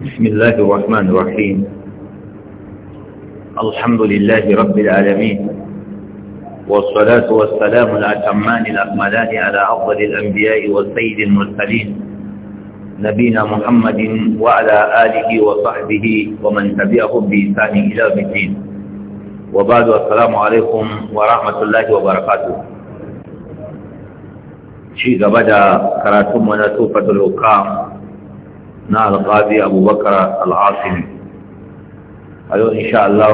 بسم الله الرحمن الرحيم الحمد لله رب العالمين والصلاة والسلام الأتمان الأكملان على أفضل الأنبياء والسيد المرسلين نبينا محمد وعلى آله وصحبه ومن تبعهم بإحسان إلى الدين وبعد السلام عليكم ورحمة الله وبركاته شيء بدأ كراتم ونسوفة الحكام na alƙazi abubakar al'asimi a yau insha Allah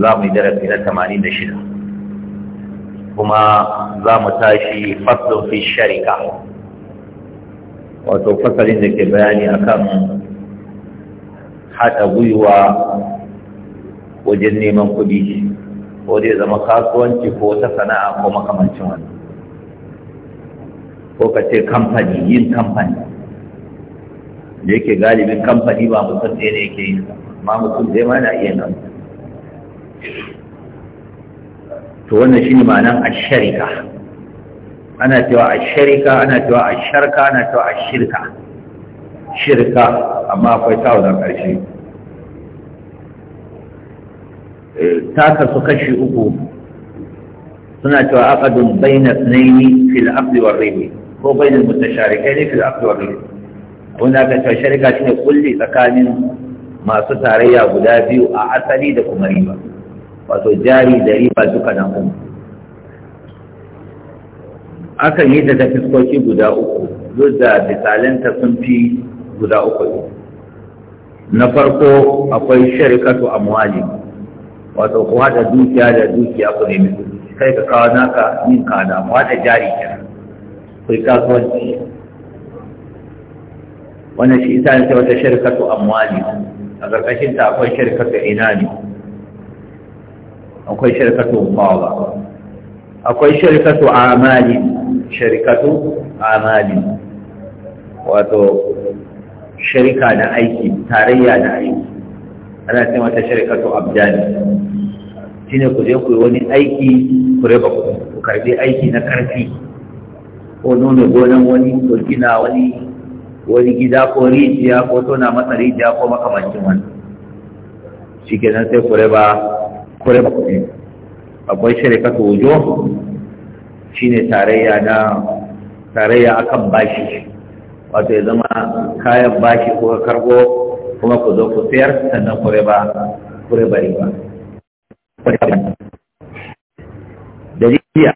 za mu yi darasi na tamanin da shida kuma za mu tashi fasal fi sharika wato fasalin da ke bayani a kan haɗa gwiwa wajen neman kuɗi ko zai zama kasuwanci ko ta sana'a ko makamancin wani ko ka ce kamfani yin kamfani da yake galibin kamfani ba mutum ɗaya ne yake yin sa amma mutum ɗaya ma na iya nan to wannan shi ne ma'anan asharika ana cewa asharika ana cewa asharka ana cewa ashirka shirka amma akwai tawo ƙarshe eh, ta kasu kashi uku suna cewa aqadun bayna ithnaini fil aqdi war ko bayna mutasharikai fil ne war ribi wanda aka cewa sharika shine kulli tsakanin masu tarayya guda biyu a asali da kuma riba wato jari da riba duka na kuma akan yi da ta fiskoki guda uku duk da misalanta sun fi guda uku na farko akwai sharikatu amwali wato ku haɗa dukiya da dukiya ku nemi kai ka kawo naka yin kada mu haɗa jari kenan kai kasuwanci wannan shi isa ne ta wata shirkatu amwali a ƙarƙashin ta akwai shirkatu inani akwai shirkatu fawa akwai shirkatu amali shirkatu amali wato shirka da aiki tarayya da aiki ana ce mata shirkatu abdani shi ne ku je ku yi wani aiki ku raba ku karbi aiki na ƙarfi ko nuna gonan wani ko gina wani wani gida ko rijiya ko tona masa rijiya ko makamancin wani shi kenan sai kure ba kure ba kuɗi akwai ta wujo ne tarayya na tarayya akan bashi wato ya zama kayan bashi ko karbo kuma ku zo ku sayar sannan kure ba kure ba riba da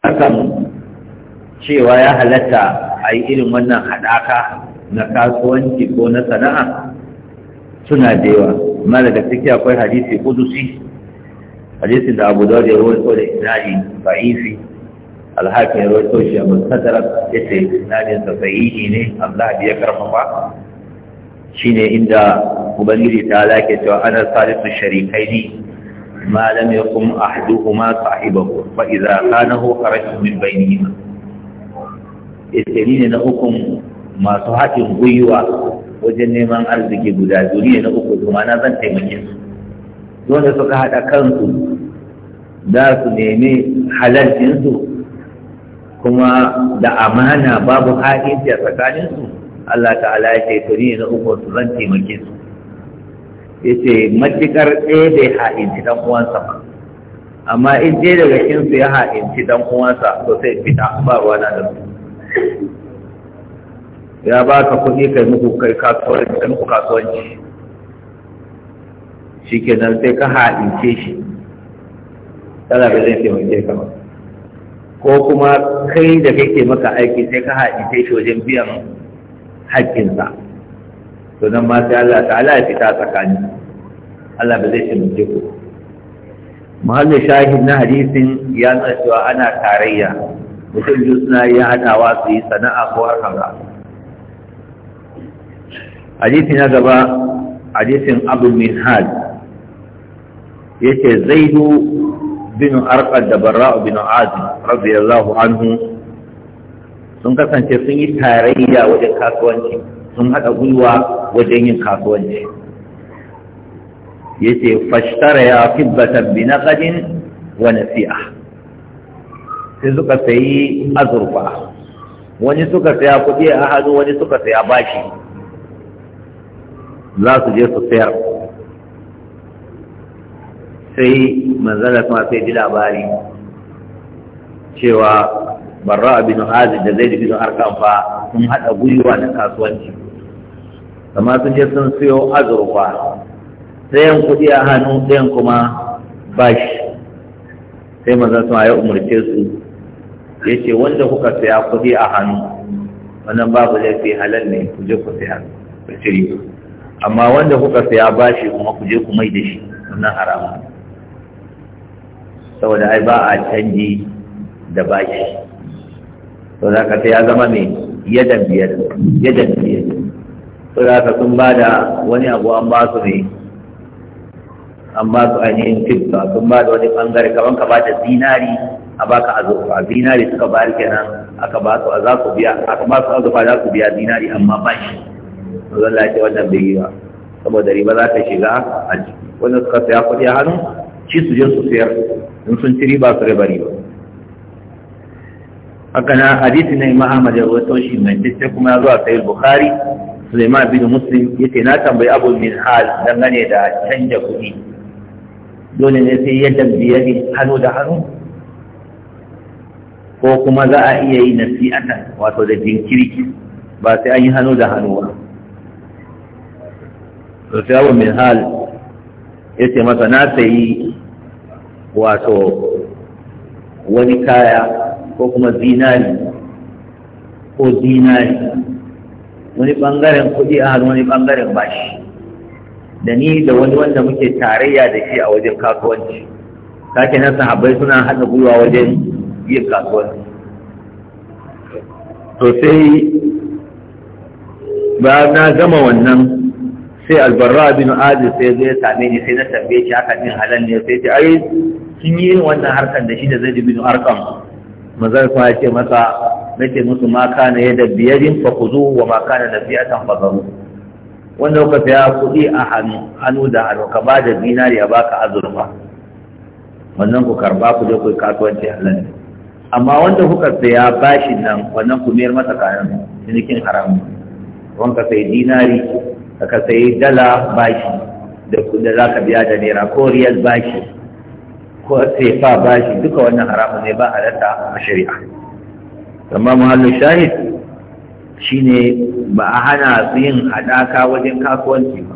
akan cewa ya halatta a yi irin wannan haɗaka na kasuwanci ko na sana'a suna da yawa amma daga ciki akwai hadisi kudusi Hadisi da abu dawud ya rawaito da isnadi da'ifi alhaki ya rawaito shi a mustadrak yace isnadin sa sahihi ne Allah ya karfafa shine inda ubangiji ta lake cewa ana salisu ne ma lam yakum ahduhuma sahibahu fa idza kanahu kharaju min bainihima yace ni ne na hukum masu haƙin gwiwa wajen neman arziki guda duniya na uku kuma na zan taimake su dole suka haɗa kansu za su nemi halarcinsu kuma da amana babu ha'inci a tsakaninsu Allah ta'ala ya ce tuni na uku su zan taimake su ya ce matuƙar ɗaya bai ha'inci ɗan uwansa ba amma in ɗaya daga cikinsu ya ha'inci ɗan uwansa to sai fita ba ruwa na da su ya ba ka kuɗi kai muku kai kasuwanci shi ke nan, sai ka haɗince shi tana da zai taimake ka ba ko kuma kai da kake maka aiki sai ka haɗince shi wajen biyan haƙƙinsa to nan ma sai Allah ta'ala ya fita tsakani Allah ba zai taimake ku muhallin shahid na hadisin ya cewa ana tarayya mutum Juna ya iya haɗawa su yi sana'a ko harkar hadisi na gaba hadisin abu minhaj yace zaidu bin arqad da barra'u bin azim radiyallahu anhu sun kasance sun yi tarayya wajen kasuwanci sun haɗa gwiwa wajen yin kasuwanci yace fashtara ya fibbatan bi naqadin wa nasi'a sai suka sayi azurfa wani suka saya kuɗi a hannu wani suka saya bashi za su je su sayar sai manzala kuma sai ji labari cewa barra bin hazin da zai da bin harkar fa sun haɗa gwiwa da kasuwanci amma sun je sun siyo azurfa an kuɗi a hannu sai kuma bashi sai manzan kuma ya umarce su ya ce wanda kuka saya kuɗi a hannu wannan babu laifi halal ne ku je ku saya ku ciri amma wanda kuka saya bashi kuma ku je ku mai da shi wannan haramun saboda ai ba a canji da bashi to za ka ya zama mai yadan biyar yadan biyar to za ka sun bada wani abu an ba su ne an ba su ainihin fifta sun ba da wani bangare kaman ka ba da zinari a baka azurfa zinari suka bayar kenan aka ba su a za su biya aka ba su azurfa za su biya zinari amma shi zan lafi wannan bai yi ba saboda riba za ta shiga a ciki wanda suka saya kuɗi a hannu shi su je su sayar in sun ci riba su riba riba haka na hadisi na imam ahmad ya rawaito shi mai tace kuma ya zuwa sayar bukhari suleiman bin muslim ya ce na tambayi abu min hal dangane da canja kuɗi dole ne sai yadda biyarin hannu da hannu ko kuma za a iya yi nasi'atan wato da jinkiri ba sai an yi hannu da hannu ba rafiyawa min hal ya ce masa na sayi wato wani kaya ko kuma zinari ko zinari wani bangaren kuɗi a hannu wani bangaren bashi da ni da wani wanda muke tarayya da shi a wajen kasuwanci sake na sahabbai suna haɗa gwiwa wajen yin kasuwanci to sai ba na gama wannan sai albarra bin adi sai zai same ni sai na tambaye shi haka din halal ne sai ce ai kin yi wannan harkan da shi da zai bin arkam Mazal kuma ya ce masa nake musu ma kana yadda biyadin fa khuzu wa ma kana biyatan fa zaru wanda kuka saya kudi a hannu hannu da hannu ka ba da dinari a baka azurfa wannan ku karba ku je ku kasuwanci halal ne amma wanda kuka saya bashin nan wannan ku mayar masa kayan cinikin haramun wanka sai dinari ka sayi dala bashi da kudin za ka biya da naira ko riyal bashi ko sefa bashi duka wannan haramun ne ba halatta a shari'a amma muhallu shahid ne ba a hana su yin haɗaka wajen kasuwanci ba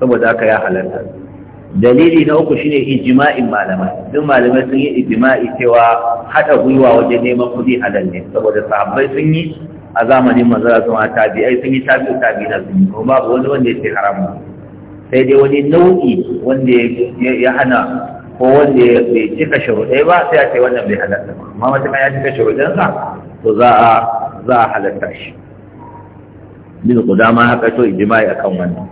saboda haka ya halarta dalili na uku shine ijima'in malamai duk malamai sun yi ijima'i cewa haɗa gwiwa wajen neman kuɗi halal ne saboda sahabbai sun yi a zamanin manzara sun a tabi'ai sun yi tabi na sun yi kuma babu wani wanda ya ce sai dai wani nau'i wanda ya hana ko wanda bai cika sharuɗai ba sai a ce wannan bai halatta ba amma matuƙa ya cika sa to za a za a halatta shi bin kudama haka to ijma'i akan wannan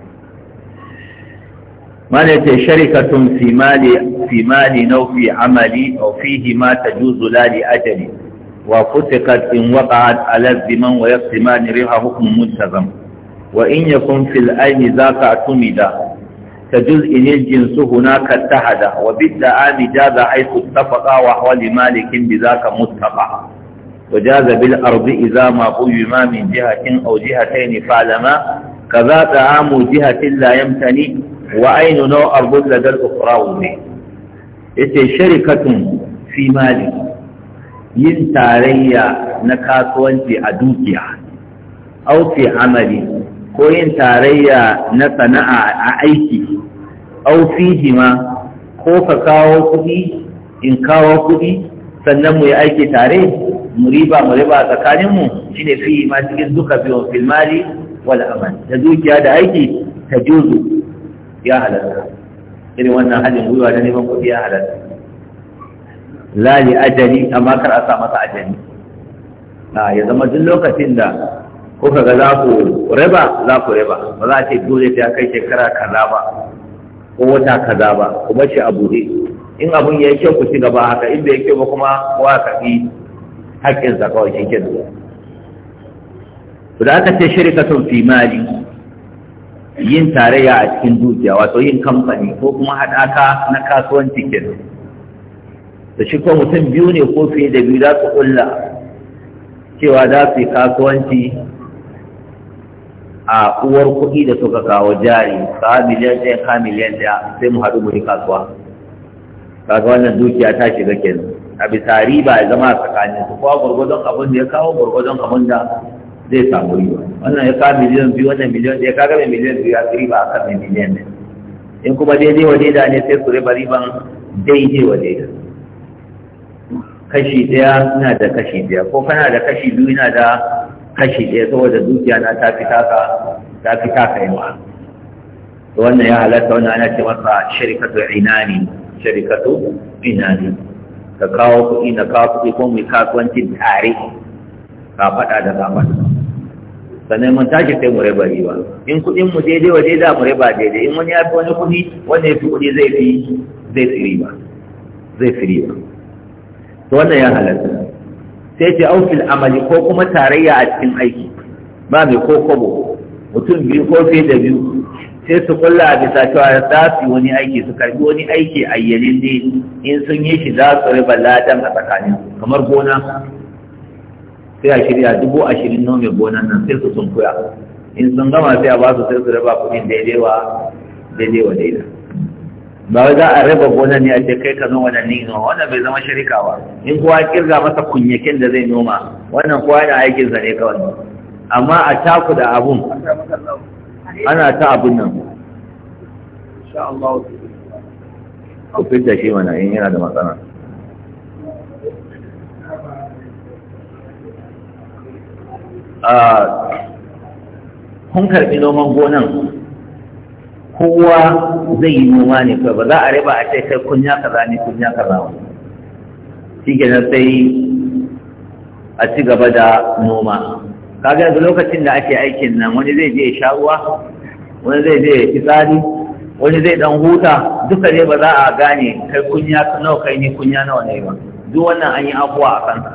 mana ce sharikatun fi mali fi mali nau fi amali aw fihi ma tajuzu la li ajali وفتقت إن وقعت على الزمان ويقسمان ريحه حكم منتظم وإن يكن في الأين ذاك اعتمد كجزء الجنس هناك اتحد وبالدعام جاز حيث اتفقا وحول مالك بذاك متفقا وجاز بالأرض إذا ما قوي ما من جهة أو جهتين فعلما كذا عام جهة لا يمتني وأين نوع أرض لدى الأخرى وزي إيه شركة في مالك yin tarayya na kasuwanci a dukiya fi amali ko yin tarayya na sana'a a aiki fi hima ko ka kawo kuɗi in kawo kuɗi sannan mu yi aiki tare mu riba mu riba tsakaninmu shine fi ma cikin duka biyun filmali wal amal da dukiya da aiki ta juzu ya halatta irin wannan halin gwiwa na neman kuɗi ya halatta lali ajali amma kar a sa masa ajali a ya zama duk lokacin da kuka ga za ku raba za ku raba ba za a ce dole ta kai shekara kaza ba ko wata kaza ba kuma ce a buɗe in abun ya kyau ku ci gaba haka in bai kyau ba kuma kowa ka fi haƙƙinsa kawai shi Ku da aka ce sun fi mali yin tarayya a cikin dukiya wato yin kamfani ko kuma haɗaka na kasuwanci kenan da shi ko mutum biyu ne ko fiye da biyu za su kulla cewa za su yi kasuwanci a uwar kuɗi da suka kawo jari ka miliyan ɗaya ka miliyan ɗaya sai mu haɗu mu yi kasuwa kaga wannan dukiya ta shiga kenan a bisa riba ya zama a tsakanin su kowa gwargwadon abin da ya kawo gwargwadon abin da zai samu riba wannan ya kawo miliyan biyu wannan miliyan ɗaya kaga mai miliyan biyu ya fi riba a kan mai miliyan ɗaya in kuma daidai wa daida ne sai su riba riban daidai wa daida kashi ɗaya ina da kashi biyar ko kana da kashi biyu ina da kashi ɗaya saboda dukiya na ta fi taka ta fi taka wannan ya halatta wannan ana ce masa shirkatu inani shirkatu inani ka kawo kuɗi na kawo kuɗi ko mai kasuwanci tare ka faɗa da ka sannan mun tashi sai mu raba riba in kuɗin mu daidai wa daidai mu raba daidai in wani ya fi wani kuɗi wanda ya fi kuɗi zai fi zai fi riba zai fi riba to wannan ya halatta sai ce aufil amali ko kuma tarayya a cikin aiki ba mai ko kobo mutum biyu ko fiye da biyu sai su kulla a bisa cewa za su yi wani aiki su karbi wani aiki a dai. in sun yi shi za su riba ladan a tsakanin kamar gona sai a shirya dubu ashirin nome gonan nan sai su sun kuya in sun gama sai a ba su sai su riba kuɗin daidai wa daidai wa daidai ba wai za a raba gonan ne a ce kai ka noma wannan ne. noma wannan bai zama shirika ba in kowa kirga masa kunyakin da zai noma wannan kowa yana aikin zane kawai amma a taku da abun ana ta abun nan ku fita shi mana in yana da matsala ah, kun karɓi noman gonan kowa zai yi noma ne kawai ba za a riba a ce kai kunya kaza ne kunya kaza wa? shi nan sai a ci gaba da noma kaga yanzu lokacin da ake aikin nan wani zai je ya sha ruwa wani zai je ya fitsari wani zai dan huta duka ne ba za a gane kai kunya nawa kai ne kunya nawa ne ba duk wannan an yi afuwa a kansa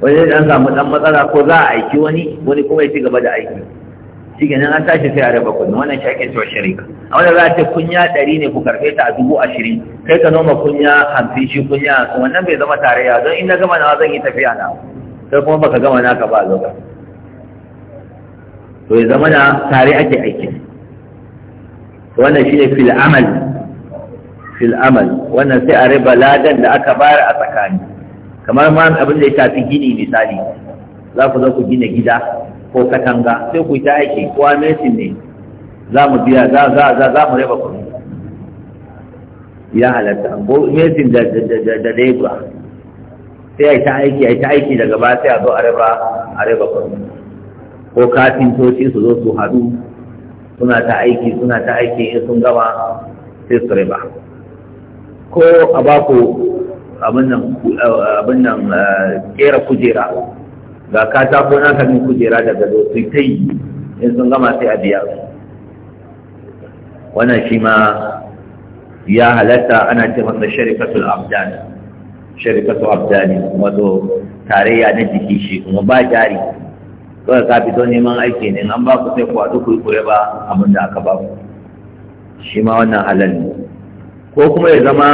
wani zai dan samu dan matsala ko za a aiki wani wani kuma ya ci gaba da aiki shi kenan an tashi sai a raba kudi wannan shi ake cewa shirika a wannan za a ce kunya ɗari ne ku karfe ta a dubu ashirin kai ka noma kunya hamsin shi kunya hamsin wannan bai zama tarayya don in na gama nawa zan yi tafiya na sai kuma baka gama naka ba a lokacin to ya zama na tare ake aiki wannan shi ne fil amal fil amal wannan sai a raba ladan da aka bayar a tsakani kamar ma abin da ya shafi gini misali za ku zo ku gina gida ko katanga sai ku ta aiki ko amesin ne za mu biya za za za za mu raba kuɗi ya halatta ko mesin da da lebura sai a yi ta aiki a yi ta aiki daga ba sai a zo a raba a raba kuɗi ko kafintoci su zo su haɗu suna ta aiki suna ta aiki in sun gama sai su raba ko a ba ku abin nan kera eh, eh, kujera ga katako na kan kujera da gado sai ta yi in sun gama sai a biya wannan shi ma ya halatta ana ce masa sharikatul abdan sharikatul abdani wato tarayya na jiki shi kuma ba jari kawai ka fito neman aiki ne an ba ku sai ku haɗu ku yi kure ba abin da aka ba ku shi ma wannan halal ne ko kuma ya zama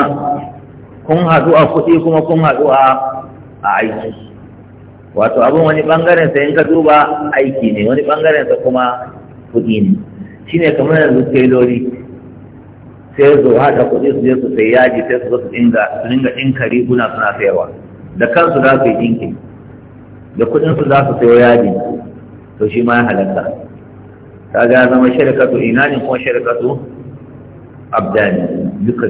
kun haɗu a kuɗi kuma kun haɗu a aiki wato abin wani bangaren sa in ka duba aiki ne wani bangaren sa kuma kuɗi ne shine kamar yanzu tailori sai su haɗa kuɗi su je su sai yaji sai su zo su dinga su dinga ɗinka riguna suna sayarwa da kansu za su yi dinki da kuɗin su za su sayo yaji to shi ma ya halatta Ta ya zama ina inanin kuma shirkatu abdani duka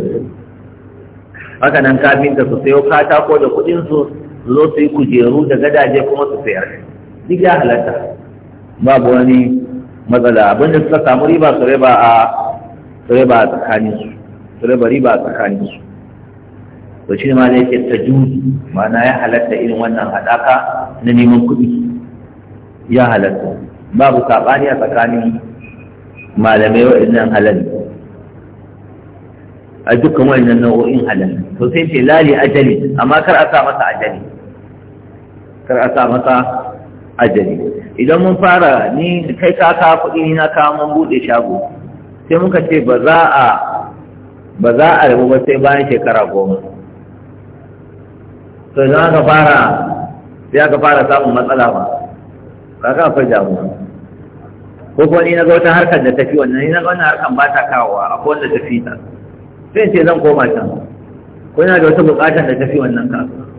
haka nan kafinta su sayo katako da kuɗin su zo su yi kujeru da gadaje kuma su sayar duk ya halatta babu wani matsala abinda suka samu riba su riba a su riba a tsakaninsu su riba riba a tsakaninsu to shi ma zai ke ta juzi ma'ana ya halatta irin wannan haɗaka na neman kuɗi ya halatta babu saɓani a tsakanin malamai waɗannan halal a dukkan waɗannan nau'o'in halal to sai ce lali ajali amma kar a sa masa ajali kar a sa masa ajali idan mun fara ni kai ka ka kuɗi ni na kawo mun buɗe shago sai muka ce ba za a ba za a rabu ba sai bayan shekara goma to idan aka fara sai aka fara samun matsala ba ka fa jamu ko kuma ni na ga wata harkar da tafi wannan ni na ga wannan harkar ba ta kawowa ko wanda tafi ta sai ce zan koma can ko ina da wata bukatar da tafi wannan kasuwa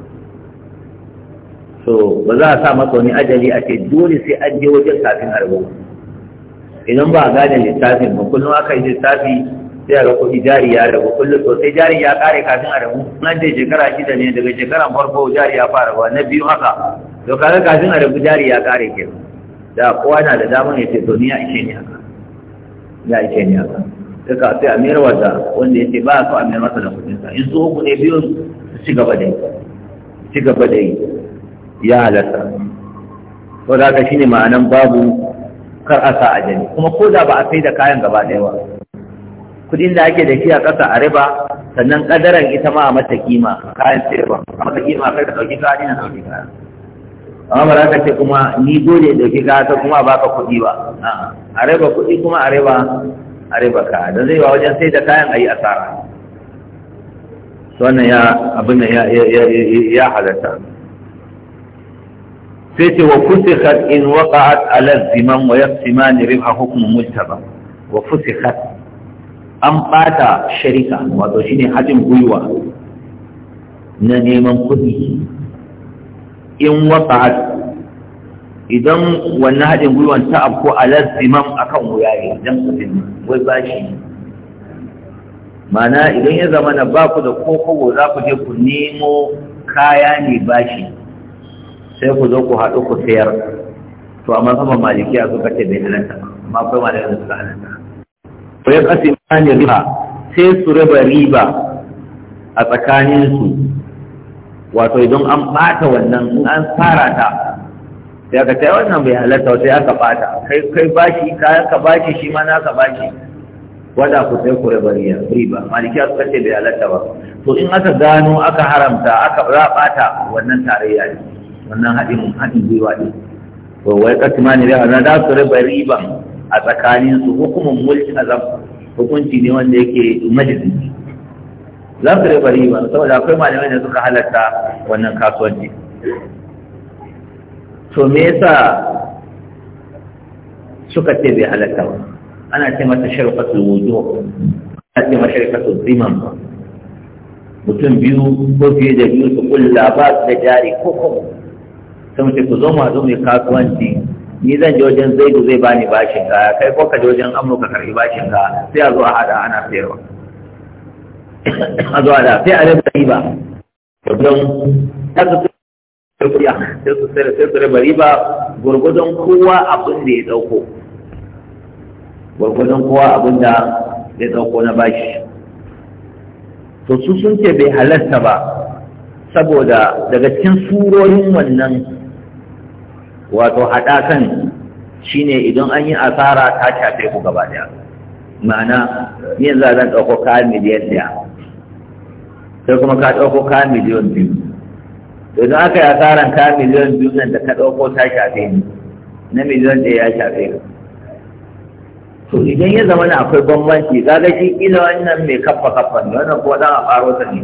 so ba za a sa masa wani ajali a ce dole sai an je wajen kafin arba idan ba a gane littafin ba kullum aka yi littafi sai a ga kuɗi jari ya rabu kullum to sai jari ya kare kafin a rabu nan dai shekara shida ne daga shekaran farko jari ya fara ba na biyu haka to kaga kafin a rabu jari ya kare ke da kowa na da damar ya ce to ni ya ishe ni haka ya ishe ni haka duka sai a mayar wata wanda ya ce ba a so a mayar masa da kuɗinsa in su uku ne biyun su ci gaba da yi ci gaba da yi ya halatta to da shi ne ma'anan babu kar a sa ajali kuma ko da ba a sai da kayan gaba ɗaya ba kudin da ake da shi a ƙasa a riba sannan ƙadaran ita ma a mata kima kayan sayarwa a mata kima kai ka ɗauki ni na ɗauki kaya. amma ba za ka ce kuma ni dole ya ɗauki kayan ta kuma ba ka kuɗi ba a riba kuɗi kuma a riba a riba ka don zai ba wajen sai da kayan a yi asara wannan ya abin ya halatta sai ce wa fusikhat in waqa'at ala zimam wa yaqsiman ribha hukmun mujtaba wa fusikhat an bata sharika wato shine hajin gwiwa na neman kuɗi in waqa'at idan wannan haɗin guyuwan ta afko ala zimam akan wuya ne idan kuɗin wai ba shi mana idan ya zama na baku da koko za ku je ku nemo kaya ne bashi sai ku zo ku haɗu ku sayar to amma sama a suka ce bai halatta amma akwai malamin da suka halatta to ya kasi mani riba sai su raba riba a tsakaninsu wato idan an ɓata wannan in an fara ta sai aka ce wannan bai halatta sai aka ɓata kai kai bashi ka ka bashi shi ma na ka bashi wada ku sai ku raba riba Maliki a suka ce bai halatta ba to in aka gano aka haramta aka ɓata wannan tarayya ne wannan haɗin haɗin gwiwa ne to wai kasima ne da na da su raba riba a tsakanin su hukumin mulki azam hukunci ne wanda yake majalisi za su raba riba saboda akwai malamai da suka halatta wannan kasuwanci to me yasa suka ce bai halatta ba ana ce mata sharfatul wujuh ana ce mata sharfatul zimam mutum biyu ko fiye da biyu su kulla ba su da jari ko kuma sai mace ku zo mu zo mai kasuwanci ni zan je wajen zaidu zai ni bashin kaya kai ko ka je wajen amma ka karbi bashin ka sai a zo a hada ana sayarwa a zo a da sai a raba riba don haka sai kuya sai su sai sai su raba riba gurgudun kowa abin da ya dauko gurgudun kowa abin da ya dauko na bashi to su sun ce bai halatta ba saboda daga cikin surorin wannan wato haɗakan shine idan an yi asara ta shafe ku gaba daya ma'ana yin za zan ɗauko kayan miliyan ɗaya sai kuma ka ɗauko kayan miliyan biyu to idan aka yi asaran kayan miliyan biyu nan da ka ɗauko ta shafe ni na miliyan ɗaya ya shafe ka to idan ya zama na akwai bambanci kaga shi kila wannan mai kaffa kaffa ne wannan kuma za a faro ta ne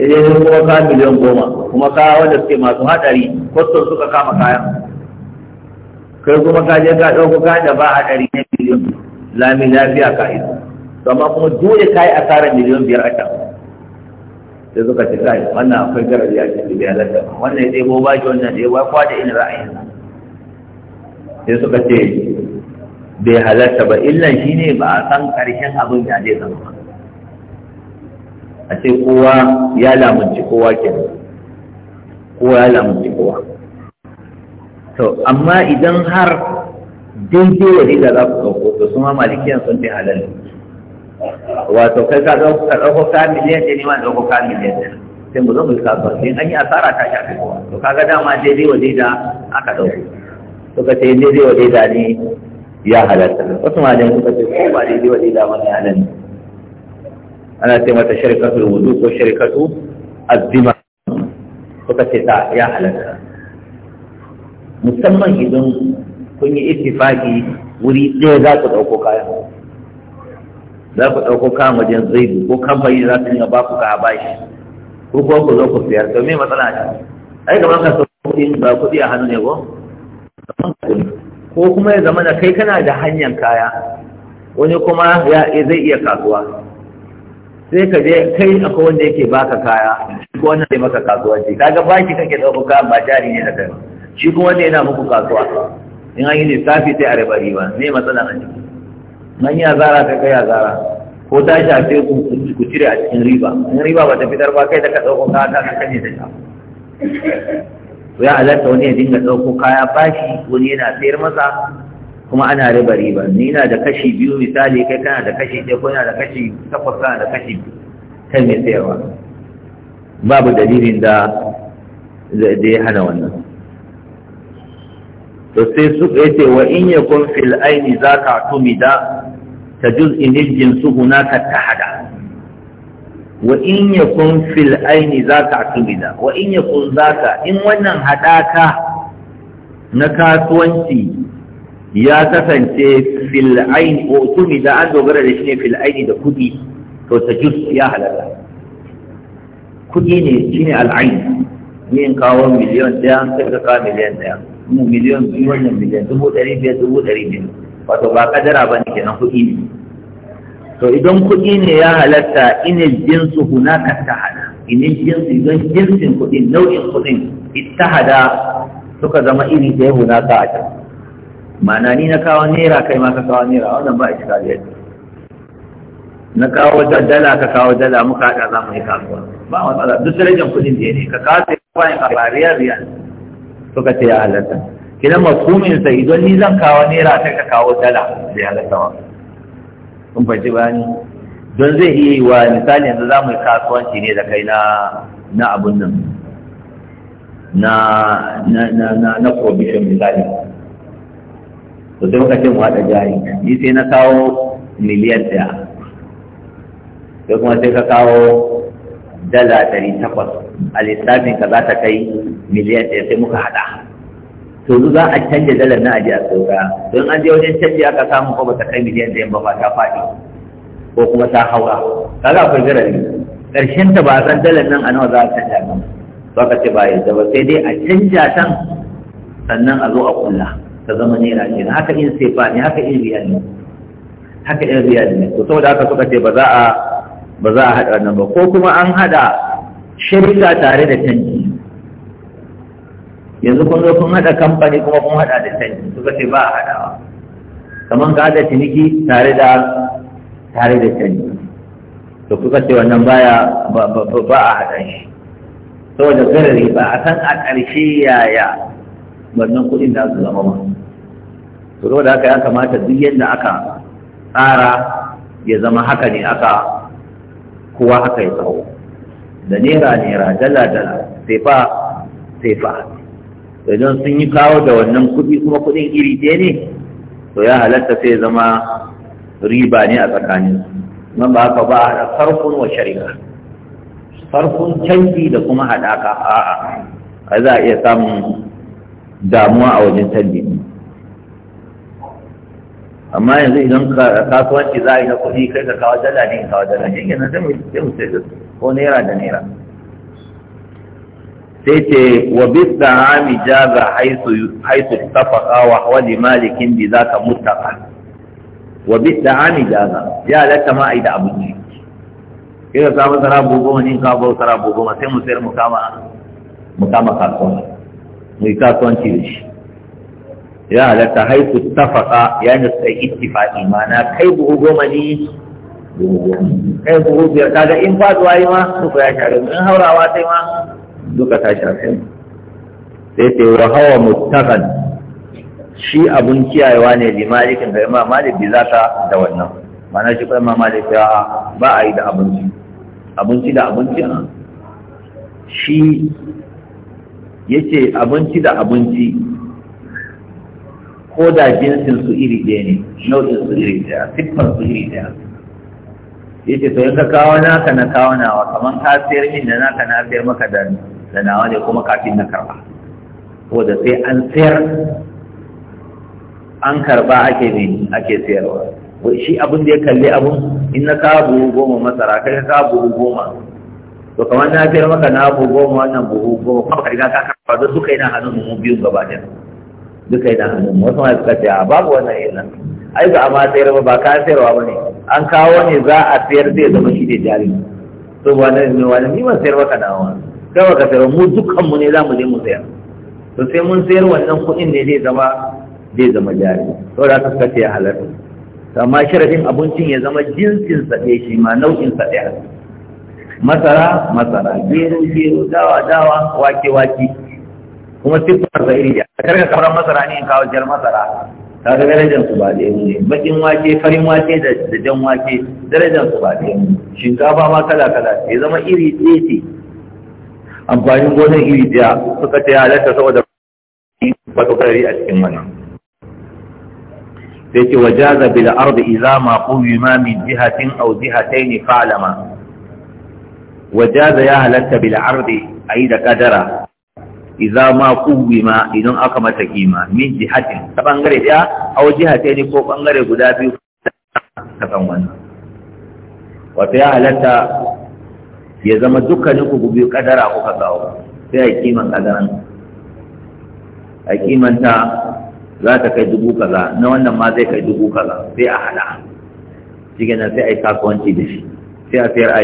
idan kuma ka miliyan goma kuma ka wanda suke masu hadari kwastan suka kama kayan kai kuma ka je ka ɗauko ka da ba a ɗari na miliyon lami lafiya ka yi to amma kuma dole ka yi asarar miliyon biyar a can sai suka ce kai wannan akwai garabi a cikin biyar da wannan ya ɗebo ba shi wannan ɗebo ya kwada in ra'ayin sai suka ce bai halarta ba illan shi ne ba a san ƙarshen abin ya zai zama ba a ce kowa ya lamunci kowa kenan kowa ya lamunci kowa to amma idan har daidai wa riga za ku ɗauko to su ma malikiyan sun fi halal wato kai ka ɗauko ka ɗauko ka miliyan ɗaya ne ma ɗauko ka miliyan ɗaya sai mu zo mu kasuwanci an yi asara ta shafi kowa to kaga dama daidai wa daida aka ɗauko to ka ce daidai wa daida ne ya halatta wasu malamai suka ce ko ba daidai wa daida ba ne halal ana ce mata shirkatul wudu ko shirkatu azzima suka ce ta ya halatta musamman idan kun yi ittifaki wuri ɗaya za ku ɗauko kayan za ku ɗauko kayan wajen zaidu ko kamfani za su dinga ba ku ka bashi ko kuma ku zo ku siyar to me matsala ce ai kamar ka sau kuɗi ba kuɗi a hannu ne ko ko kuma ya zama da kai kana da hanyar kaya wani kuma ya zai iya kasuwa sai ka je kai akwai wanda yake baka kaya ko wannan zai maka kasuwanci kaga baki kake ɗauko kayan ba jari ne da kai shi kuma wanda yana muku kasuwa in an yi lissafi sai a riba riba ne matsala a ciki man yi azara kai kai zara. ko ta shafe ku ku cire a cikin riba in riba ba ta fitar ba kai da ka ɗauko kaya ta kan ne ta Ku ya halatta wani ya dinga ɗauko kaya bashi wani yana sayar masa kuma ana riba riba ni na da kashi biyu misali kai kana da kashi ɗaya ko yana da kashi takwas kana da kashi biyu kai mai sayarwa babu dalilin da zai hana wannan to sai suka yace wa in yakun fil aini zaka tumida tajuz inil jinsu hunaka tahada wa in yakun fil aini zaka tumida wa in yakun zaka in wannan hadaka na kasuwanci ya kasance fil aini ko tumida an dogara da shi ne fil aini da kudi to ta tajuz ya halala kudi ne shine al'ain yin kawo miliyan daya sai ka kawo miliyan daya mu miliyan biyu wannan miliyan dubu ɗari biyar dubu ɗari biyar wato ba kadara ba ne kenan kuɗi ne to idan kuɗi ne ya halatta ina jinsu ka ta hada ina jinsu idan jinsin kuɗi nau'in kuɗin ittahada suka zama iri ɗaya ka a can ma'ana ni na kawo naira kai ma ka kawo naira wannan ba a shiga biyar. na kawo dala ka kawo dala muka haɗa za mu yi kasuwa ba matsala duk darajar kuɗin da ya ne ka kawo sai kwayan a bariyar riyal suka ce ya halatta kidan makumin sai idan ni zan kawo nera sai ka kawo dala zai ya halatta ma kun fahimci bayani don zai iya yi wa misali yanzu za mu yi kasuwanci ne da kai na na abun nan na na na na na provision misali to sai muka ce mu haɗa jari ni sai na kawo miliyan ɗaya sai kuma sai ka kawo dala ɗari takwas a lissafin ka za ta kai miliyan ɗaya sai muka haɗa to za a canja dalar na ajiya sauka don an je wajen canji aka samu ko ba ta kai miliyan ɗaya ba ba ta faɗi ko kuma ta haura ku akwai ne ƙarshen ta ba a san dalar nan a nawa za a canja ba to aka ce ba ya ba sai dai a canja tan sannan a zo a kulla ta zama naira ce haka in sefa ne haka in riyal ne haka in riyal ne to saboda haka suka ce ba za a ba za a haɗa wannan ba ko kuma an haɗa shirka tare da canji yanzu kun zo kun haɗa kamfani kuma kun haɗa da canji suka ce ba a haɗawa kamar ka haɗa ciniki tare da tare da canji to kuka ce wannan baya ba a haɗa shi saboda garari ba a san a ƙarshe yaya wannan kuɗin da su zama ba to da haka ya kamata duk yadda aka tsara ya zama haka ne aka kowa haka yi kawo da nera nera dala dala fa. sefa idan sun yi kawo da wannan kuɗi kuma kuɗin iri ɗaya ne to ya halatta sai zama riba ne a tsakanin Kuma ba haka ba a farkon wa shari'a farkon canji da kuma haɗaka a'a a za a iya samun damuwa a wajen canji amma yanzu idan kasuwanci za a yi na kuɗi kai ka kawo dala ne kawo dala shi kenan sai mu sai da ko naira da naira sai ce wa da ami jaza haisu haisu tafaka wa hawali malikin bi zaka mutaka wa da ami jaza ya halatta ma yi da Sai kira samu sara goma ne ka bau sara ma sai mu sayar mu kama mu kama kasuwanci mu yi kasuwanci da shi ya halatta haifu faɗa ya da ittifa imana mana kai buhu goma ne kai buhu biyar kaga in zuwa yi ma suka ya shari'a in haurawa sai ma duka ta share sai sai wa hawa mutakan shi abun kiyayewa ne malikin da ima malik bi ta da wannan mana shi kai imam malik ya ba a yi da abinci abinci da abinci shi yace abinci da abinci ko da jinsin su iri ɗaya ne nau'in su iri ɗaya siffar su iri ɗaya ce to ka kawo naka na kawo nawa kamar ka sayar min da naka na sayar maka da da nawa ne kuma kafin na karba ko da sai an sayar an karba ake ne ake sayarwa shi abin da ya kalli abun in na kawo buhu goma masara kai ka kawo buhu goma to kamar na sayar maka na buhu goma wannan buhu goma kuma ka riga ka karba don su yi na hannun mu biyun gaba ɗaya duka yana hannun wasu ma suka ce a babu wannan illan ai ba amma sayar ba ba ka sayarwa ba ne an kawo ne za a sayar zai zama shi ne jari to wani ne wani ni ma sayar dawo dawowa kai ka sayar mu dukkan mu ne za mu je mu sayar to sai mun sayar wannan kuɗin ne zai zama zai zama jari to da ka suka ce ya halatta amma sharafin abincin ya zama jinsin sa ɗaya shi ma nau'in sa ɗaya masara masara gero gero dawa dawa wake wake kuma siffar sa iri ɗaya kar ka kamar masara ne in kawo jar masara Ta ga darajar su ba ɗaya ne bakin wake farin wake da jan wake darajar su ba da ne shinkafa ma kala kala ya zama iri ɗaya ce amfanin gonar iri ɗaya suka ta halatta saboda wato kari a cikin wannan sai ce wa jaza bil ardi idza ma qawima min jihatin aw jihatayn fa'lama wa jaza ya halatta bil ardi ayi da qadara idza ma qubima idan aka mata kima min jihatin ta bangare daya aw ne ko bangare guda biyu ta kan wannan wato ya halatta ya zama dukkanin ku gubi kadara kuka gawo? sai a kiman kadaran a kimanta za ta kai dubu kaza na wannan ma zai kai dubu kaza sai a hada shi sai a yi kasuwanci da shi sai a sayar a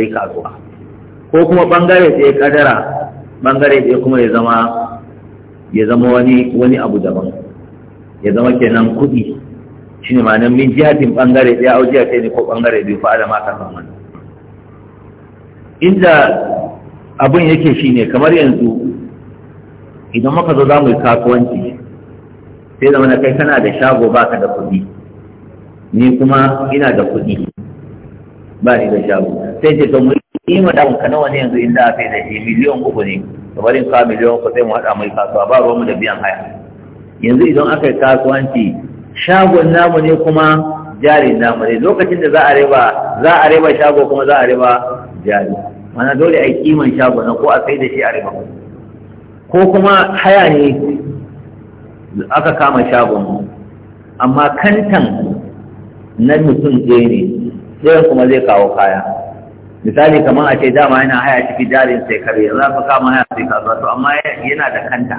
yi kasuwa ko kuma bangare sai kadara bangare ɗaya kuma ya zama ya zama wani wani abu daban ya zama kenan kuɗi shi ne ma'anar min jihatin bangare ɗaya au jihatai ne ko bangare biyu fa'ada ma ta san wani inda abin yake shi ne kamar yanzu idan muka zo za mu yi kasuwanci sai zama na kai kana da shago baka da kuɗi ni kuma ina da kuɗi ba shi da shago sai ce to mu kima da ka nawa ne yanzu in da aka da shi miliyan uku ne kamar in ka miliyan uku sai mu haɗa mai kasuwa ba mu da biyan haya yanzu idan aka yi kasuwanci shagon namu ne kuma jari namu ne lokacin da za a riba za a riba shago kuma za a riba jari mana dole a yi kiman shago na ko a sai da shi a riba ko kuma haya ne aka kama shagon amma kantan na mutum ɗaya ne ɗayan kuma zai kawo kaya misali kamar a ce dama yana haya ciki jarin sai kare yanzu an fi kama haya sai kasuwa to amma yana da kanta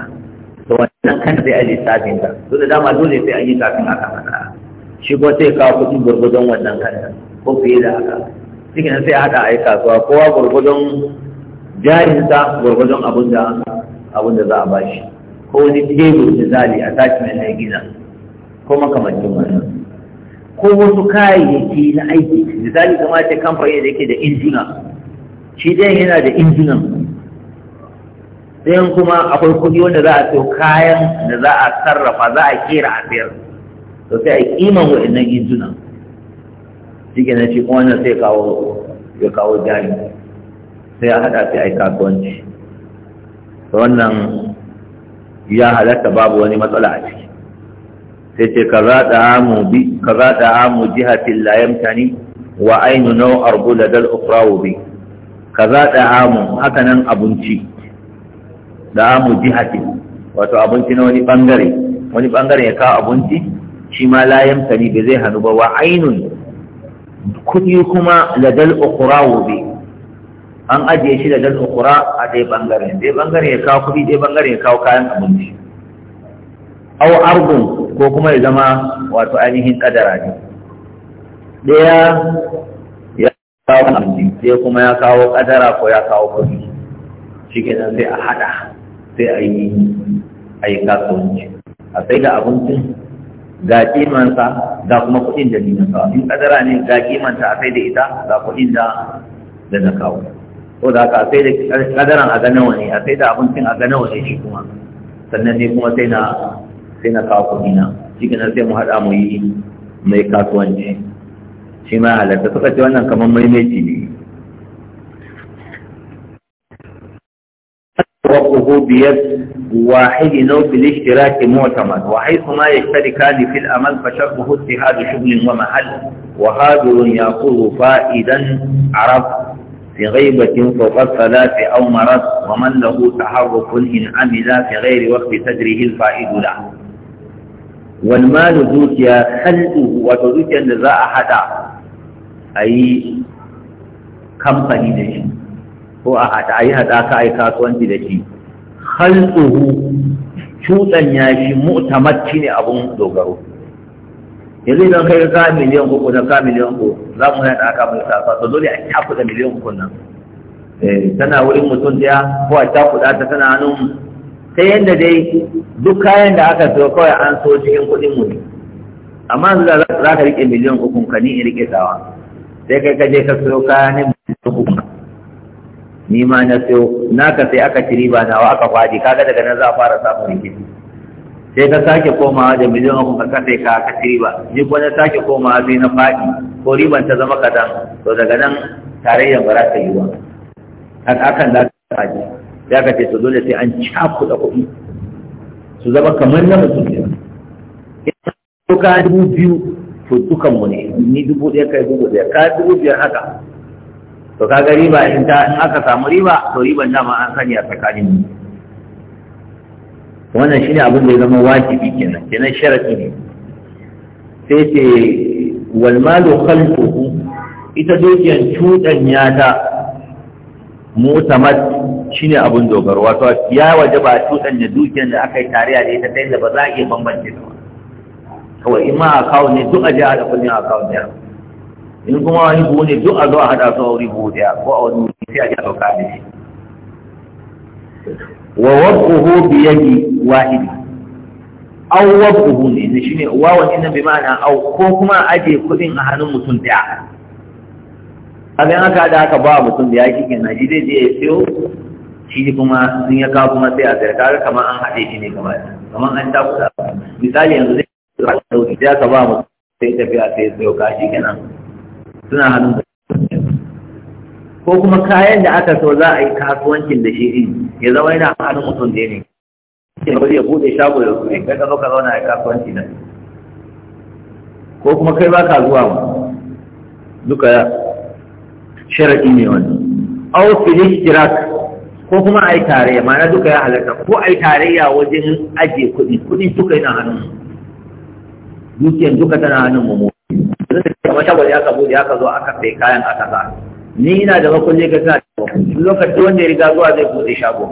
to wannan kanta sai a lissafin ta to da dama dole sai an yi kafin a kama kaya shi ko sai kawo kuɗi gwargwadon wannan kanta ko fiye da haka cikin sai a haɗa a yi kasuwa kowa gwargwadon jarinsa gwargwadon abin da abin da za a bashi ko wani tebur misali a attachment na gina ko makamancin wannan ko wasu kayayyaki na aiki misali kama ce kamfani da yake da injina shi dai yana da injinan sai kuma akwai kuɗi wanda za a sayo kayan da za a sarrafa za a kera a sayar to sai a kiman waɗannan injina shi ke ci kuma wannan sai kawo ya kawo jari sai a haɗa sai a yi kasuwanci wannan ya halatta babu wani matsala a ciki yace kaza da'amu bi kaza da'amu jihatin la wa ainu naw arbula dal ukhra bi kaza da'amu haka nan abinci da'amu jihatin wato abinci na wani bangare wani bangare ya kawo abinci shi ma la yamtani bai zai hannu ba wa ainun kudi kuma la dal ukhra bi an ajiye shi da dal ukura a dai ɓangaren dai ɓangaren ya kawo kuɗi ɗaya ɓangaren ya kawo kayan abinci au argun ko kuma ya zama wato ainihin kadara ne ɗaya ya kawo abinci sai kuma ya kawo kadara ko ya kawo kudi shi ke sai a haɗa sai a yi a yi kasuwanci a sai da abincin ga kimansa ga kuma kuɗin da kawo. in kadara ne ga kimanta a sai da ita ga kuɗin da da na kawo ko da haka sai da kadaran a ga nawa ne a sai da abincin a ga nawa ne shi kuma sannan ne kuma sai na sai na kawo kuɗi na shi kenan sai mu haɗa mu yi mai kasuwanci shi ma halatta suka ce wannan kamar maimaici ne وقفه بيد واحد نوب الاشتراك معتمد ما يشتركان في الأمل فشرطه اتحاد شغل ومحل وحاضر يقول فائدا عرف في غيبة فوق الثلاث أو مرض ومن له تحرك إن عمل في غير وقت تدريه الفائد له wal malu zuciya khalquhu wato zuciyar da za a hada a yi kamfani da shi ko a hada a yi hadaka a yi kasuwanci da shi khalquhu ya shi mu'tamacci ne abun dogaro yanzu idan kai ka miliyan uku na ka miliyan uku za mu hada aka mai sa to dole a cakuɗa miliyan uku nan eh, tana wurin mutum ɗaya ko a cakuɗa ta tana hannun ta yadda dai duk kayan da aka so kawai an so cikin kuɗin mu ne amma za ka rike miliyan uku ka ni in rike sawa, sai kai ka je ka so kaya ne uku ni ma na so naka sai aka ci riba nawa aka faɗi kaga daga nan za a fara samun rikici sai ka sake komawa da miliyan uku ka kafe ka ka ci riba ni kuma na sake komawa sai na faɗi ko riban ta zama kadan to daga nan tarayyar ba za ta yi ba hakan za ta faɗi ya ka ce to dole sai an da kuɗi su zama kamar na mutum ne ko ka dubu biyu to dukan mu ne ni dubu ɗaya kai dubu ɗaya ka dubu biyar haka to ka ga riba in ta aka samu riba to riban dama an sani a tsakanin mu wannan shine abin da ya zama wajibi kenan kenan sharadi ne sai ce wal malu ita dukiyar cuɗanya ta mutamat ne abin dogaro wato ya waje ba tudan da dukiyar da aka yi tarayya da ita ta yadda ba za a iya bambance ta kawai in ma kawo ne duk a jiha da a kawo ɗaya in kuma wani buhu ne duk a zo a haɗa su a wuri buhu ɗaya ko a wani wuri sai a ji a sauka da shi wa wabuhu biyadi wahidi aw wabuhu ne ne shine wawan ina bi ma'ana aw ko kuma aje kudin a hannun mutum daya A in haka da aka ba mutum da kike kenan shi zai je ya siyo shi kuma sun ya kawo kuma sai a tsaya kaga kamar an haɗe shi ne gaba kamar an kusa misali yanzu zai yi da sauki sai aka ba mu sai tafiya sai tsayo kashi kenan suna hannun da ko kuma kayan da aka so za a yi kasuwancin da shi din ya zama yana hannun mutum da ne ya bari ya bude shago da kuma kai ka ka zauna a kasuwanci nan ko kuma kai ba ka zuwa mu duka sharadi ne wani. au fil ishtirak ko kuma a yi tarayya ma'ana duka ya halarta, ko a yi tarayya wajen ajiye kuɗi kuɗi duka yana hannun dukiyar duka tana hannun mu mu kuma shagon ya ka buɗe aka zo aka sai kayan aka sa ni ina da makulli ka sa lokacin wanda ya riga zuwa zai buɗe shago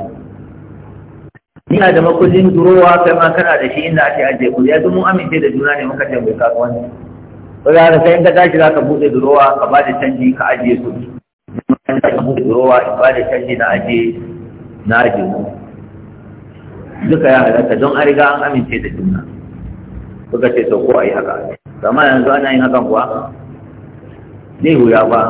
ni ina da makullin durowa kai ma kana da shi inda ake ajiye kuɗi ya mun amince da juna ne muka ce mai kasuwanci ko za sai in ka tashi za ka buɗe durowa ka ba da canji ka ajiye kuɗi nan da mu rowa in ba da canji na aje na aje mu duka ya halatta don an riga an amince da juna suka ce sau ko a yi haka kama yanzu ana yin hakan kuwa Ni wuya ba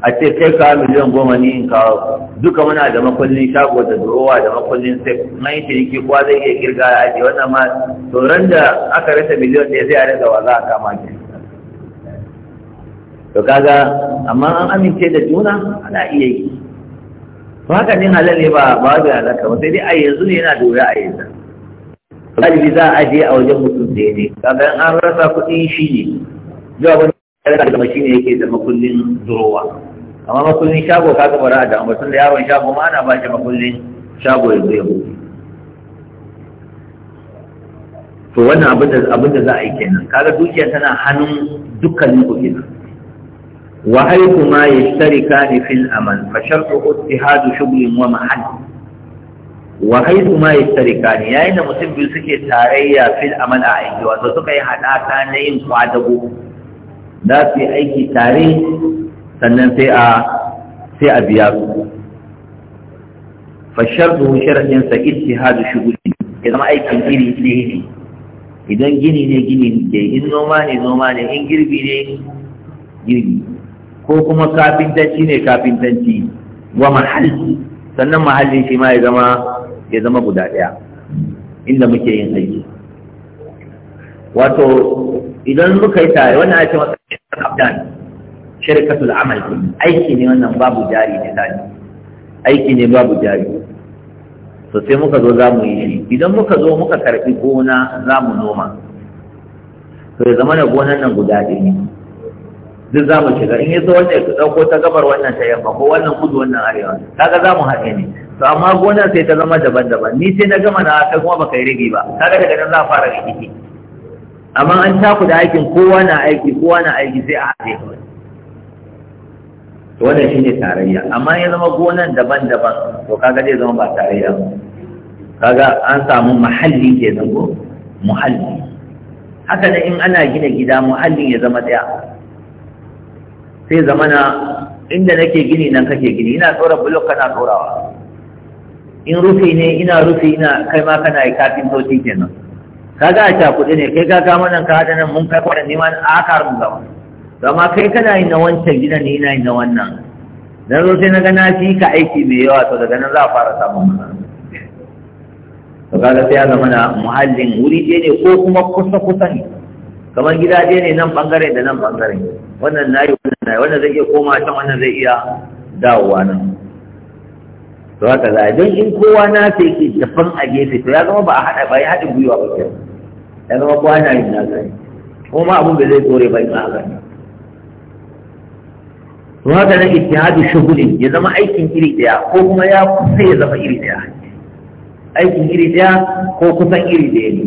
a ce kai ka miliyan goma ni in kawo duka muna da makullin shago da durowa da makullin sai mai yi ciniki kowa zai iya kirga a wannan ma tsoron da aka rasa miliyan ne zai a rasa wa za a kama ki to kaga amma an amince da juna ana iya yi to haka ne halal ne ba ba da alaka ba sai dai a yanzu ne yana da wuya a yanzu galibi za a je a wajen mutum da ne kaga an rasa kuɗi shi ne zuwa wani da zama shi ne yake da makullin durowa amma makullin shago ga bara a amma tun da yaron shago ma ana ba shi makullin shago ya zo ya to wannan abin da za a yi kenan kaga dukiya tana hannun dukkanin kuɗi nan وأيكما يشتركان في الأمل فشرطه اتحاد شغل ومحل وحيثما يشتركان يعني mutum biyu suke tarayya fil amal a aiki wato suka yi haɗaka na yin kwadago za su yi aiki tare sannan sai a sai a biya su fashartu sharadin sa ittihadu shughuli ya zama aikin iri ne idan gini ne gini ne in noma ne noma ne in girbi ne girbi ko kuma kafintanci ne kafintanci wa mahalli sannan mahallin shi ma ya zama ya zama guda ɗaya inda muke yin aiki wato idan muka yi tare wannan ake masa abdan shirkatul amal aiki ne wannan babu jari ne tani aiki ne babu jari to sai muka zo za mu yi shi idan muka zo muka karɓi gona za mu noma to ya zama na gonan nan guda ɗaya ne duk za mu shiga in yaso wannan ya dauko ta gabar wannan ta yamma ko wannan kudu wannan arewa kaga za mu haɗe ne to amma gonar sai ta zama daban-daban ni sai na gama na kai kuma baka yi rigi ba kaga daga nan za a fara rikici amma an taku da aikin kowa na aiki kowa na aiki sai a haɗe To wannan shine tarayya amma ya zama gonan daban-daban to kaga zai zama ba tarayya kaga an samu mahalli ke ko muhalli haka ne in ana gina gida muhallin ya zama daya sai zamana inda nake gini nan kake gini ina tsora bulok kana tsorawa in rufi ne ina rufi ina kai ma kana yi kafin sauti kenan ga a cakuɗe ne kai ka kama nan ka hada nan mun kai kwanan neman a haka mun gaba amma kai kana yin na wancan gidan ne ina yin na wannan dan zo sai na ga na fi ka aiki mai yawa to daga nan za a fara samun mana to ga sai ya zama na muhallin wuri ɗaya ne ko kuma kusa kusa ne kamar gida ɗaya ne nan ɓangare da nan ɓangare wannan na yi wannan na yi wannan zai iya koma can wannan zai iya dawowa nan to haka za don in kowa na sai ke daban a gefe to ya zama ba a haɗa ba ya haɗin gwiwa ba kenan ya zama kowa na yin nasa ne kuma abin da zai tsore ba in haka ne to haka nan ittihadu shughulin ya zama aikin iri ɗaya ko kuma ya kusa ya zama iri ɗaya. aikin iri ɗaya ko kusan iri ɗaya ne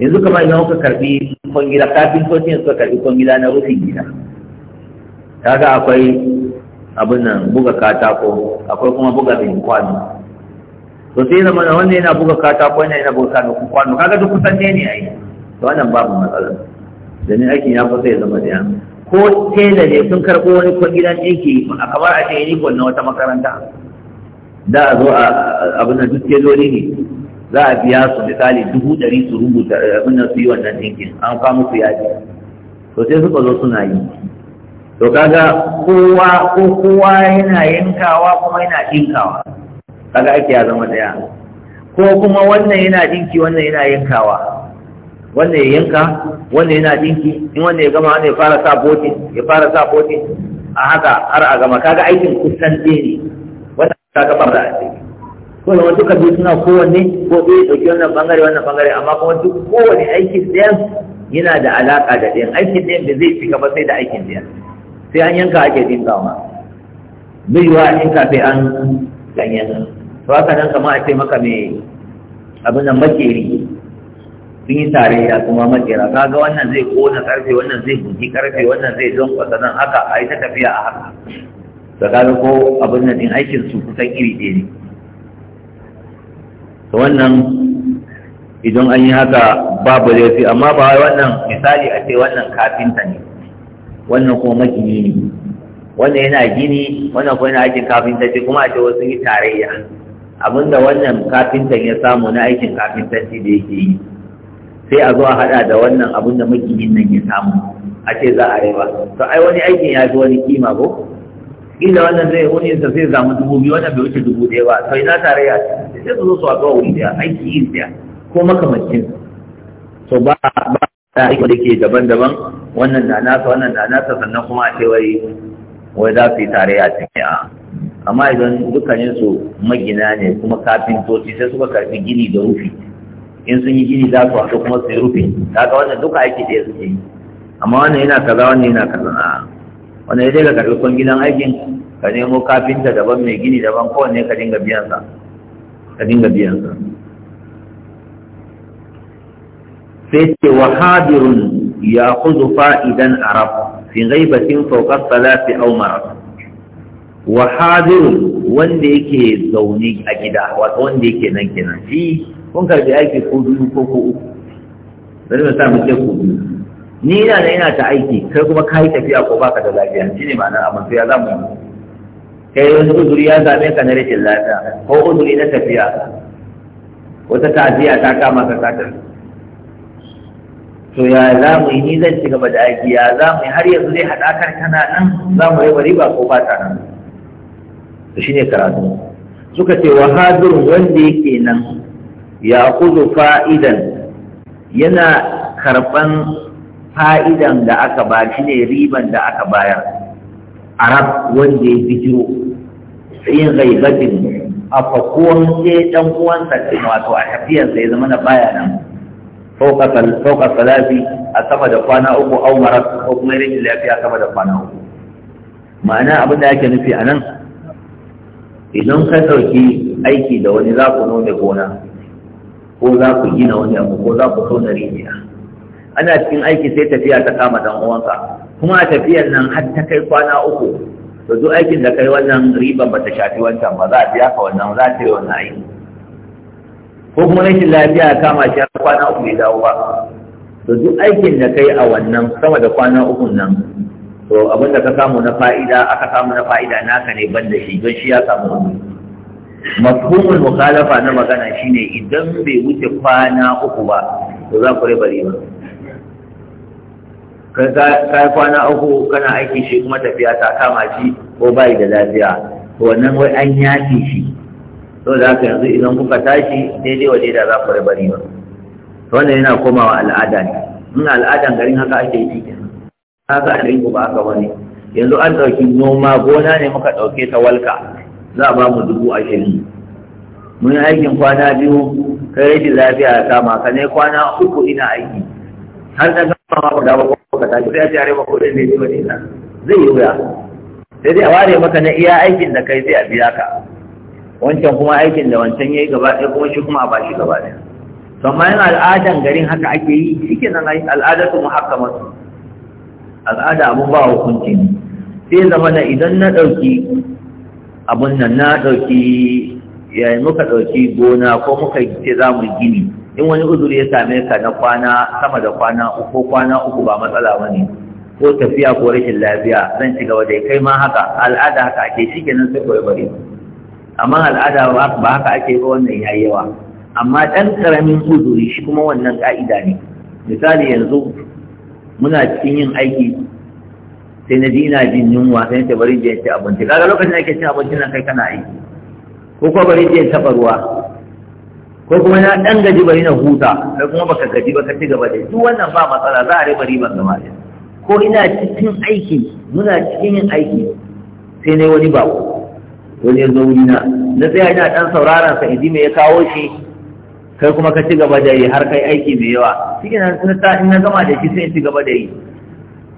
yanzu kamar idan kuka karbi kwan gida kafintocin suka karɓi kwan gida na rufin gida kaga akwai abin nan buga katako akwai kuma buga bin kwano to sai zama na wannan yana buga katako yana yana buga katako kwano kaga duk kusan ne ne ai to wannan babu matsala domin aikin ya kusa ya zama daya ko tela ne sun karɓo wani kwan gidan yanki a kamar a ce yi na wata makaranta da a zo a abin nan duk ke ne za a biya su misali dubu ɗari su rubuta eh, abin nan su yi wannan dinkin, an fa musu yaji to sai suka zo suna yi to kaga kowa ko kowa yana yankawa kuma yana dinkawa kaga ake ya zama ɗaya ko kuma wannan yana dinki, wannan yana yankawa wannan ya yanka wannan yana dinki, in wannan ya gama wannan ya fara sa botin ya fara sa botin a haka har a gama kaga aikin kusan ɗaya ne wannan kaga da ko da wani duka biyu suna kowanne ko ɗaya ɗauki wannan bangare wannan bangare amma kuma duk kowane aikin ɗayan yana da alaƙa da ɗayan aikin ɗayan da zai fi ba sai da aikin ɗayan sai an yanka ake kama bai yiwa an yanka sai an ganyen to haka nan kamar a ce maka mai abin nan makeri sun yi ya kuma makera ka ga wannan zai ƙona ƙarfe wannan zai buki ƙarfe wannan zai don kwasa nan haka a yi ta tafiya a haka da ko abin nan ɗin aikin su kusan iri ɗaya ne to wannan idan an yi haka babu laifi amma ba wannan misali a ce wannan kafinta ne wannan kuma magini ne wannan yana gini wannan kuma yana aikin kafinta ce kuma a ce wasu yi tarayya abinda wannan kafintan ya samu na aikin kafintanci da yake yi sai a zo a hada da wannan abinda maginin nan ya samu a ce za a rewa to ai wani aikin ya fi wani kima ko inda wannan zai wani yanzu sai zamu dubu biyu wannan bai wuce dubu ɗaya ba to ina ce sai su zo su haɗu a wuri ɗaya aiki yin ɗaya ko makamancin to ba ba da aiki da ke daban-daban wannan na nasa wannan na nasa sannan kuma a ce wai wai za su yi tare ya cikin a amma idan dukkanin su magina ne kuma kafintoci sai suka karfi gini da rufi in sun yi gini za su haɗu kuma su yi rufi kaga wannan duka aiki ɗaya suke yi amma wannan yana kaza wannan yana kaza a'a wanda ya daga karɓi kwan gidan aikin ka nemo kafinta daban mai gini daban kowanne ka dinga biyansa ka dinga biyansa sai ce wa hadirun ya kuzu fa'idan arab fi ghaibatin saukar salafi aw marad wa hadirun wanda yake zaune a gida wata wanda yake nan kenan shi kun karbi aiki ko biyu ko ko uku bari mu sa mu ce ko biyu ni ina da ina ta aiki kai kuma ka yi tafiya ko baka da lafiya shi ne Amma sai ya zama yi kai wani uzuri ya zame ka na rashin lafiya ko uzuri na tafiya wata tafiya ta kama ka katar to ya za mu yi ni zan ci gaba da aiki ya za mu yi har yanzu zai haɗakar kana nan za mu yi riba ko ba ta nan to shine karatu suka ce wa hadirun wanda yake nan ya kudu fa'idan yana karɓan fa'idan da aka ba shi ne riban da aka bayar arab wanda ya bijiro yin gaibatin a fakuwan sai dan uwansa wato a tafiyar sai zama na baya nan Sauka salafi a sama da kwana uku au marar ko kuma rashin lafiya sama da kwana uku ma'ana abin da ake nufi a nan idan ka ɗauki aiki da wani za ku nome gona ko za ku gina wani abu ko za ku tona rijiya ana cikin aiki sai tafiya ta kama dan uwanka kuma tafiyar nan har ta kai kwana uku to duk aikin da kai wannan riba ba ta shafi wancan ba za a biya ka wannan za ta yi wannan aiki ko kuma rashin lafiya kama shi har kwana uku bai dawo ba to duk aikin da kai a wannan sama da kwana uku nan to abin da ka samu na fa'ida aka samu na fa'ida naka ne ban da shi don shi ya samu wani mafhumul mukhalafa na magana shine idan bai wuce kwana uku ba to za ku riba riba ka yi kwana uku kana aiki shi kuma tafiya ta kama shi ko bayi da lafiya wannan wai an yafi shi to da haka yanzu idan kuka tashi daidai wa daidai za ku raba riba wannan yana komawa al'ada ne in al'adan garin haka ake yi kenan haka a rinku ba haka wani yanzu an ɗauki noma gona ne muka ɗauke ta walka za a ba mu dubu ashirin mun yi aikin kwana biyu kai rashin lafiya ya kama ka ne kwana uku ina aiki har na ba ku dawo ko ka tashi sai ya ce ko dai zai yi na zai yi wuya sai dai a ware maka na iya aikin da kai sai a biya ka wancan kuma aikin da wancan yayi gaba ɗaya kuma shi kuma a bashi gaba ɗaya to amma yin al'adan garin haka ake yi ai al'adatu muhakkamatu al'ada abun ba hukunci ne sai zama na idan na ɗauki abun nan na ɗauki yayin muka ɗauki gona ko muka ce za mu gini in wani uzuri ya same ka na kwana sama da kwana uku kwana uku ba matsala ne, ko tafiya ko rashin lafiya zan ci gaba dai kai ma haka al'ada haka ake nan sai koyi bari amma al'ada ba haka ake ba wannan yayi yawa amma dan karamin uzuri shi kuma wannan ka'ida ne misali yanzu muna cikin yin aiki sai na ji ina jin yunwa sai ta bari je ci abinci kaga lokacin da ake cin abincin nan kai kana aiki ko ko bari je ta ruwa ko kuma na dan gaji bari na huta da kuma baka gaji ba ka ci gaba da duk wannan ba matsala za a riba riban gaba da ko ina cikin aiki muna cikin yin aiki sai ne wani bako wani ya zo wurina na tsaya ina dan sauraron sa idi me ya kawo shi kai kuma ka ci gaba da yi har kai aiki mai yawa cikin nan ta ina na gama da shi sai ci gaba da yi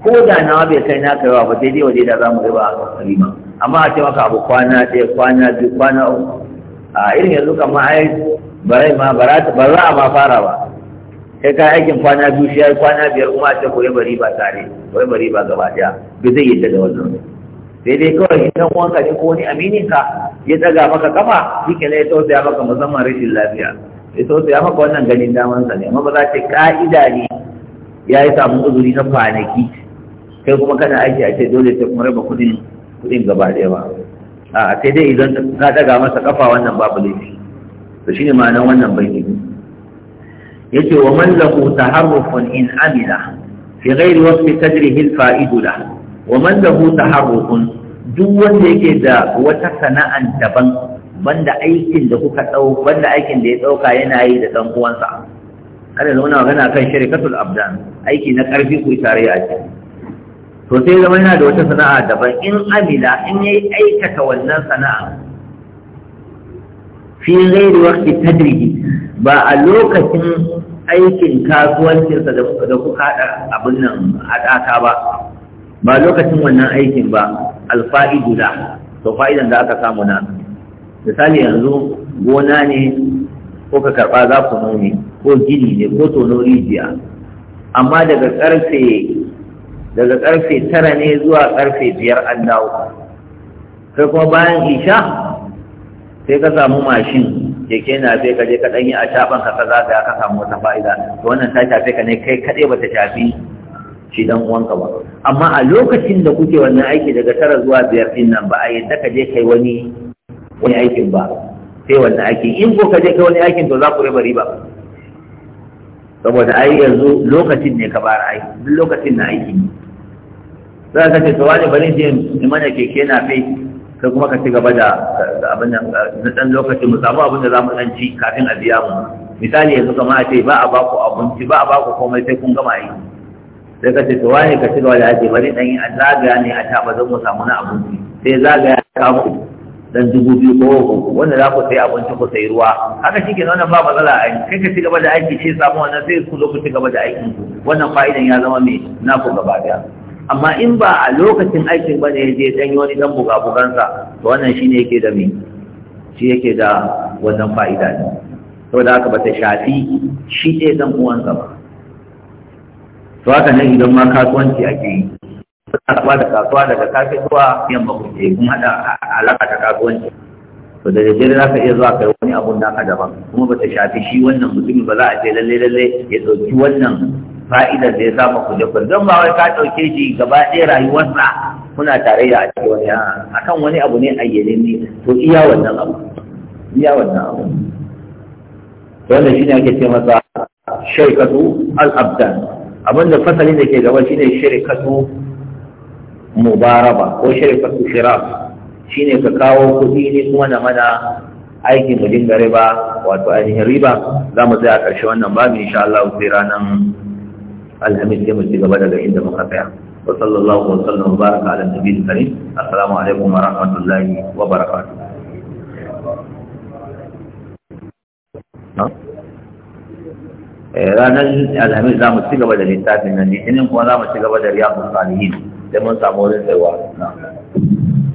ko da nawa bai kai na kaiwa ba sai dai waje da zamu riba a riba amma a ce maka abu kwana ɗaya kwana biyu kwana uku a irin yanzu kamar ai bare ma ba za a ma fara ba kai ka aikin kwana biyu shi yayi kwana biyar kuma a ce koyi bari ba tare koyi bari ba gaba daya bai zai yadda da wannan sai dai kawai shi nan wanka shi ko wani aminin ka ya daga maka kafa shi ke ya tausaya maka musamman rashin lafiya ya tausaya maka wannan ganin daman sa ne amma ba za ta ka'ida ne ya yi samun uzuri na kwanaki kai kuma kana aiki a ce dole sai kuma raba kuɗin kuɗin gaba daya ba a sai dai idan ka daga masa kafa wannan babu laifi to shine ma'anar wannan baiti yace wa man lahu taharrufun in amila fi ghairi waqti tajrihi al-fa'idu lahu wa man lahu taharrufun duk wanda yake da wata sana'a daban banda aikin da kuka dau banda aikin da ya dauka yana yi da dan uwansa kada zama magana kan shirkatul abdan aiki na karfi ku tare a cikin to sai zama yana da wata sana'a daban in amila in yayi aikata wannan sana'a fi ghairi waqti tadriji ba a lokacin aikin kasuwancinsa da kuka haɗa abin nan haɗaka ba ba lokacin wannan aikin ba alfa'idu da to fa'idan da aka samu na misali yanzu gona ne ko ka karɓa za ku ne ko gini ne ko tono rijiya amma daga ƙarfe daga ƙarfe tara ne zuwa ƙarfe biyar an dawo sai kuma bayan isha sai ka samu mashin keke na sai ka je ka ɗanyi a shafan ka kaza ga ka samu wata fa'ida to wannan ta shafe ka ne kai kaɗai ba ta shafi shi dan uwanka ba amma a lokacin da kuke wannan aiki daga tara zuwa biyar din nan ba a yadda ka je kai wani wani aikin ba sai wannan aikin in ko ka je kai wani aikin to za ku riba riba saboda ai yanzu lokacin ne ka bar aiki duk lokacin na aiki ne. za ka ce to wani bari je in mana keke na fai sai kuma ka ci gaba da abin na ɗan lokaci mu samu abin da za mu ɗan ci kafin a biya mu misali yanzu kama a ce ba a ba ku abinci ba a ba ku komai sai kun gama aiki sai ka ce to wani ka ci gaba da ake bari ɗan yi a zagaya ne a taba zan mu samu na abinci sai zagaya ka mu dan dubu biyu ko uku wanda za ku sai abinci ku sai ruwa haka shi kenan wannan ba matsala a kai ka ci gaba da aiki sai samu wannan sai ku zo ku ci gaba da aikin ku wannan fa'idan ya zama mai naku gaba daya amma in ba a lokacin aikin ba ne je dan wani dan buga-bugansa to wannan shine yake da me shi yake da wannan fa'ida ne saboda haka ba ta shafi shi ɗaya dan uwan ba to haka ne idan ma kasuwanci ake yi kasuwa da kasuwa daga kafin zuwa yamma kuke kun haɗa alaƙa ta kasuwanci to da daddare za ka iya zuwa kai wani abun naka daban kuma ba ta shafi shi wannan mutumin ba za a ce lalle lalle ya ɗauki wannan fa'idar da ya samu kuje kuje don ba wai ka ɗauke shi gaba ɗaya rayuwarsa kuna tarayya a cikin wani a kan wani abu ne ayyane ne to iya wannan abu iya wannan abu wanda shine ake ce masa shirkatu al-abdan abinda fasalin da ke gaba shine shirkatu mubaraba ko shirkatu Shiraf. shine ka kawo kuɗi ne kuma na mana aiki mu dinga riba wato ainihin riba za mu tsaya a ƙarshe wannan babu insha Allah sai ranar alhamis sai mu ci gaba daga inda muka tsaya wa sallallahu wa sallam wa baraka ala nabiyil karim assalamu alaikum wa rahmatullahi wa barakatuh ranar alhamis za mu ci gaba da littafin nan litinin kuma za mu ci gaba da riyadun salihin sai mun samu wurin tsayuwa